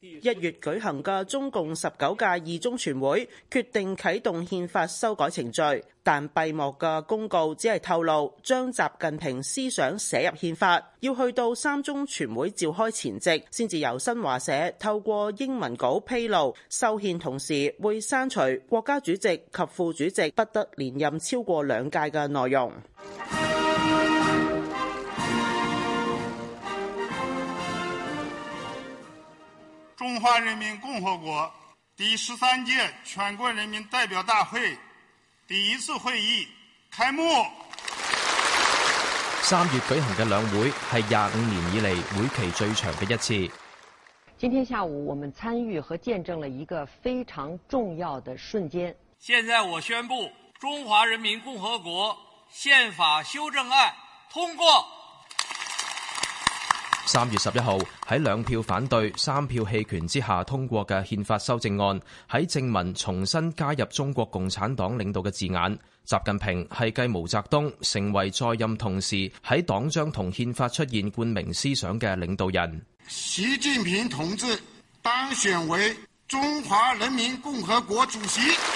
一月舉行嘅中共十九屆二中全會決定啟動憲法修改程序，但閉幕嘅公告只係透露將習近平思想寫入憲法，要去到三中全會召開前夕，先至由新華社透過英文稿披露，修憲同時會刪除國家主席及副主席不得連任超過兩屆嘅內容。中華人民共和國第十三屆全國人民代表大會第一次會議開幕。三月舉行嘅兩會係廿五年以嚟會期最長嘅一次。今天下午，我們參與和見證了一個非常重要的瞬間。現在我宣布，中華人民共和國憲法修正案通過。三月十一號喺兩票反對、三票棄權之下通過嘅憲法修正案，喺正文重新加入中國共產黨領導嘅字眼。習近平係繼毛澤東成為在任同時喺黨章同憲法出現冠名思想嘅領導人。習近平同志當選為中華人民共和國主席。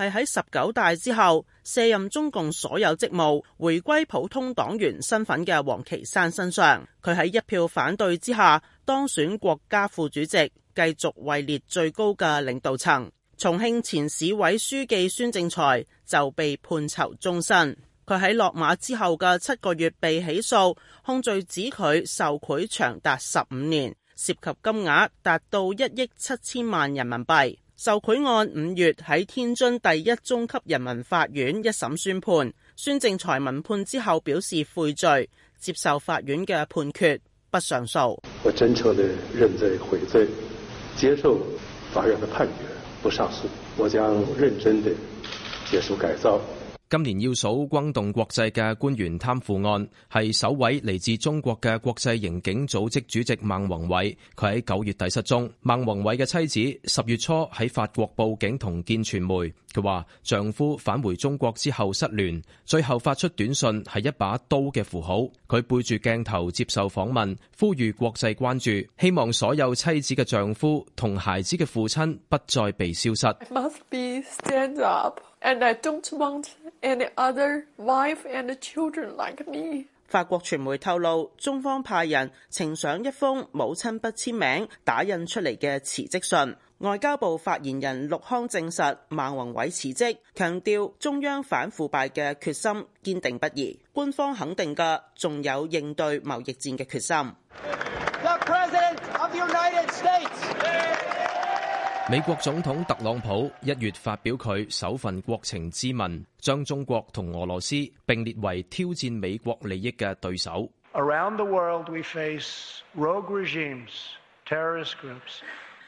係喺十九大之後卸任中共所有職務，回歸普通黨員身份嘅王岐山身上，佢喺一票反對之下當選國家副主席，繼續位列最高嘅領導層。重慶前市委書記孫政才就被判囚終身，佢喺落馬之後嘅七個月被起訴，控罪指佢受賄長達十五年，涉及金額達到一億七千萬人民幣。受賄案五月喺天津第一中級人民法院一審宣判，孫政才聞判之後表示悔罪，接受法院嘅判決，不上訴。我真誠地認罪悔罪，接受法院嘅判決，不上訴。我將認真地接受改造。今年要數轟動國際嘅官員貪腐案，係首位嚟自中國嘅國際刑警組織主席孟宏偉。佢喺九月底失蹤，孟宏偉嘅妻子十月初喺法國報警同見傳媒。佢話：他說丈夫返回中國之後失聯，最後發出短信係一把刀嘅符號。佢背住鏡頭接受訪問，呼籲國際關注，希望所有妻子嘅丈夫同孩子嘅父親不再被消失。Up, like、法國傳媒透露，中方派人呈上一封母親不簽名、打印出嚟嘅辭職信。外交部發言人陸康證實孟宏偉辭職，強調中央反腐敗嘅決心堅定不移。官方肯定嘅，仲有應對貿易戰嘅決心。美國總統特朗普一月發表佢首份國情咨文，將中國同俄羅斯並列為挑戰美國利益嘅對手。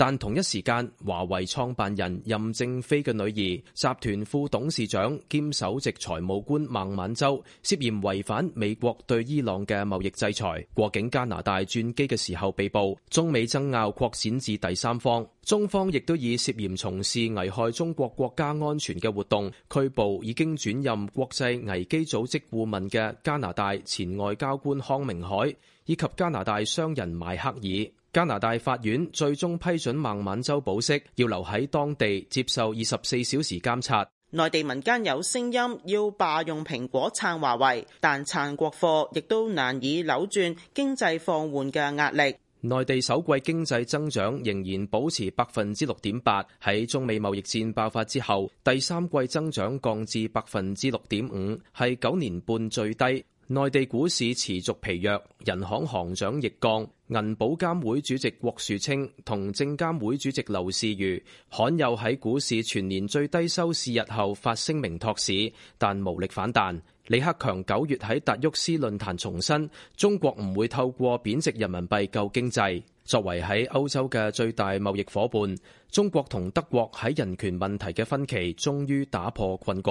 但同一時間，華為創辦人任正非嘅女兒、集團副董事長兼首席財務官孟晚舟涉嫌違反美國對伊朗嘅貿易制裁，過境加拿大轉機嘅時候被捕。中美爭拗擴展至第三方，中方亦都以涉嫌從事危害中國國家安全嘅活動，拘捕已經轉任國際危機組織顧問嘅加拿大前外交官康明凱以及加拿大商人邁克爾。加拿大法院最終批准孟晚舟保釋，要留喺當地接受二十四小時監察。內地民間有聲音要罷用蘋果、撐華為，但撐國貨亦都難以扭轉經濟放緩嘅壓力。內地首季經濟增長仍然保持百分之六點八，喺中美貿易戰爆發之後，第三季增長降至百分之六點五，係九年半最低。內地股市持續疲弱，人行行長亦降。銀保監會主席郭樹清同證監會主席劉士餘罕有喺股市全年最低收市日後發聲明托市，但無力反彈。李克強九月喺達沃斯論壇重申，中國唔會透過貶值人民幣救經濟。作為喺歐洲嘅最大貿易夥伴，中國同德國喺人權問題嘅分歧終於打破困局。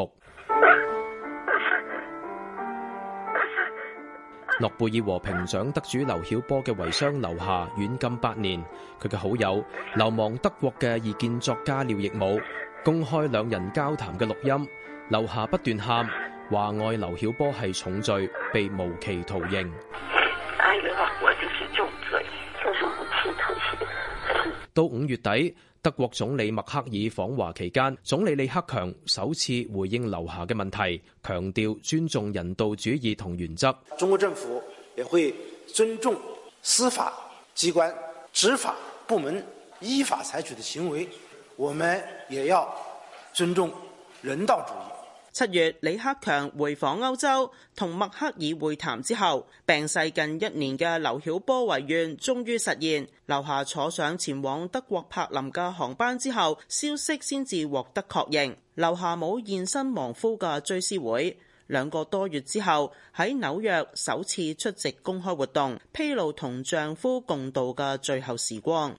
諾貝爾和平獎得主劉曉波嘅遺孀劉霞軟禁八年，佢嘅好友流亡德國嘅異見作家廖亦武公開兩人交談嘅錄音，劉霞不斷喊話愛劉曉波係重罪，被無期徒刑。到五月底，德國總理默克爾訪華期間，總理李克強首次回應劉霞嘅問題，強調尊重人道主義同原則。中國政府也會尊重司法機關執法部門依法採取的行為，我們也要尊重人道主義。七月，李克強回訪歐洲，同默克爾會談之後，病逝近一年嘅劉曉波遺願終於實現。劉霞坐上前往德國柏林嘅航班之後，消息先至獲得確認。劉霞冇現身亡夫嘅追思會，兩個多月之後喺紐約首次出席公開活動，披露同丈夫共度嘅最後時光。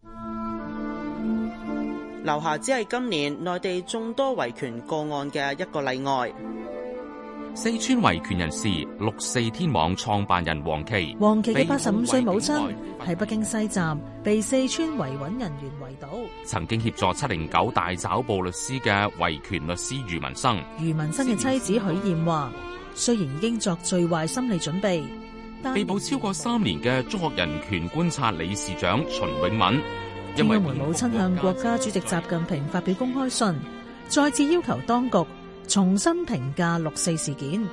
留下只係今年內地眾多維權個案嘅一個例外。四川維權人士六四天網創辦人黃琦，黃琦嘅八十五歲母親喺北京西站被四川維穩人員圍堵。曾經協助七零九大抓捕律師嘅維權律師余文生，余文生嘅妻子許艷華雖然已經作最壞心理準備，但被捕超過三年嘅中國人權觀察理事長秦永敏。天安門母親向國家主席習近平發表公開信，再次要求當局重新評價六四事件。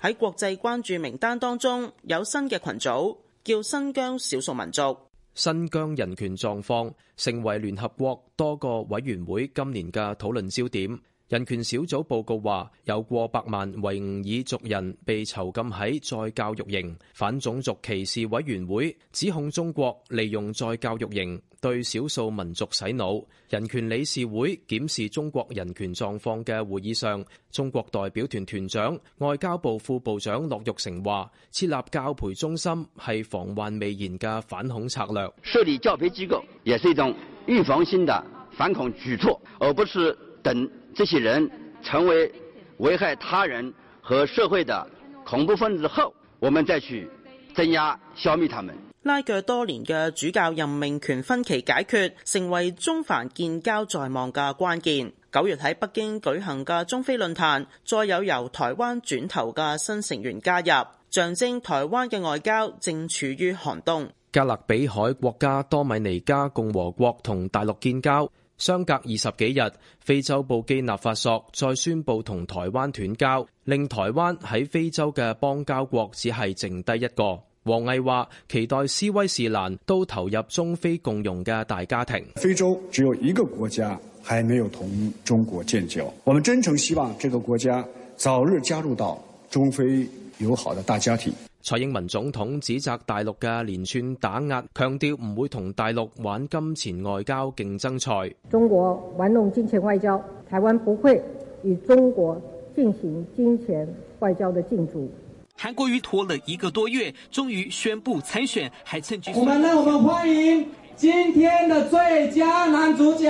喺國際關注名單當中，有新嘅群組叫新疆少數民族。新疆人權狀況成為聯合國多個委員會今年嘅討論焦點。人權小組報告話，有過百萬維吾爾族人被囚禁喺再教育營。反種族歧視委員會指控中國利用再教育營對少數民族洗腦。人權理事會檢視中國人權狀況嘅會議上，中國代表團團長、外交部副部長駱玉成話：設立教培中心係防患未然嘅反恐策略。設立教培機構，也是一種預防性的反恐舉措，而不是等。這些人成為危害他人和社會的恐怖分子後，我們再去鎮壓消滅他們。拉鋸多年嘅主教任命權分歧解決，成為中梵建交在望嘅關鍵。九月喺北京舉行嘅中非論壇，再有由台灣轉頭嘅新成員加入，象徵台灣嘅外交正處於寒冬。加勒比海國家多米尼加共和國同大陸建交。相隔二十幾日，非洲布基納法索再宣布同台灣斷交，令台灣喺非洲嘅邦交國只係剩低一個。王毅話：期待斯威士蘭都投入中非共融嘅大家庭。非洲只有一個國家還沒有同中國建交，我們真誠希望這個國家早日加入到中非友好的大家庭。蔡英文總統指責大陸嘅連串打壓，強調唔會同大陸玩金錢外交競爭賽。中國玩弄金錢外交，台灣不會與中國進行金錢外交嘅競逐。韓國瑜拖了一個多月，終於宣布參選，還趁機說，我們讓我們歡迎今天的最佳男主角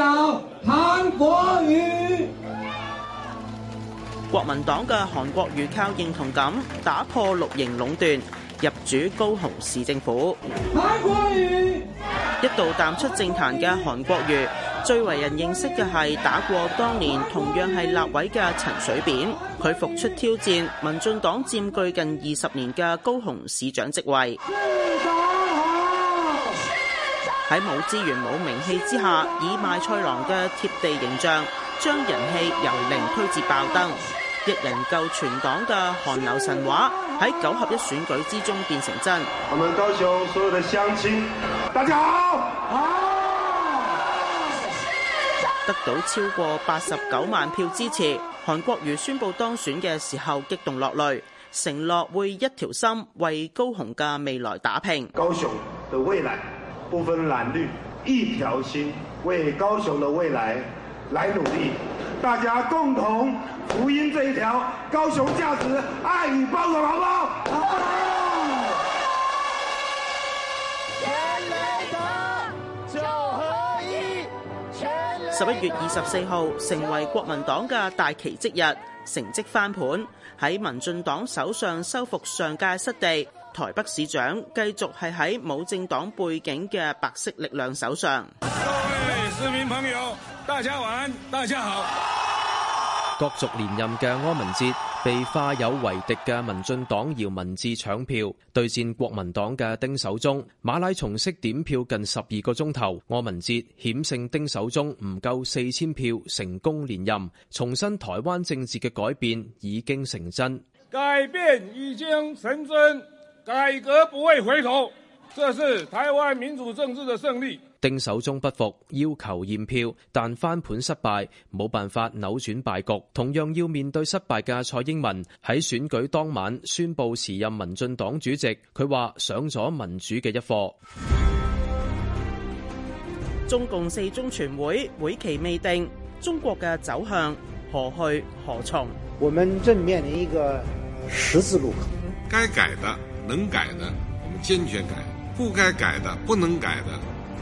韓國瑜。國民黨嘅韓國瑜靠認同感打破綠營壟斷，入主高雄市政府。一度淡出政壇嘅韓國瑜，最為人認識嘅係打過當年同樣係立委嘅陳水扁。佢復出挑戰民進黨佔據近二十年嘅高雄市長職位。喺冇資源、冇名氣之下，以賣菜郎嘅貼地形象，將人氣由零推至爆燈。亦能夠全黨嘅韓流神話喺九合一選舉之中變成真。我們高雄所有的鄉親，大家好！得到超過八十九萬票支持，韓國瑜宣布當選嘅時候激動落淚，承諾會一條心為高雄嘅未來打拼。高雄嘅未來不分藍綠，一條心為高雄嘅未來來努力。大家共同福音，這一條高雄價值，愛與包容好不好？十一月二十四號成為國民黨嘅大奇蹟日，成績翻盤，喺民進黨手上收復上屆失地，台北市長繼續係喺冇政黨背景嘅白色力量手上。市民朋友，大家晚安，大家好。角逐連任嘅柯文哲被化有為敵嘅民進黨姚文智搶票，對戰國民黨嘅丁守中，馬拉松式點票近十二個鐘頭，柯文哲險勝丁守中唔夠四千票成功連任，重申台灣政治嘅改變已經成真。改變已經成真，改革不會回頭，這是台灣民主政治嘅勝利。丁守中不服，要求驗票，但翻盤失敗，冇辦法扭轉敗局。同樣要面對失敗嘅蔡英文喺選舉當晚宣布辭任民進黨主席，佢話上咗民主嘅一課。中共四中全會會期未定，中國嘅走向何去何從？我們正面臨一個十字路口，該改的能改的，我們堅決改；不該改的不能改的。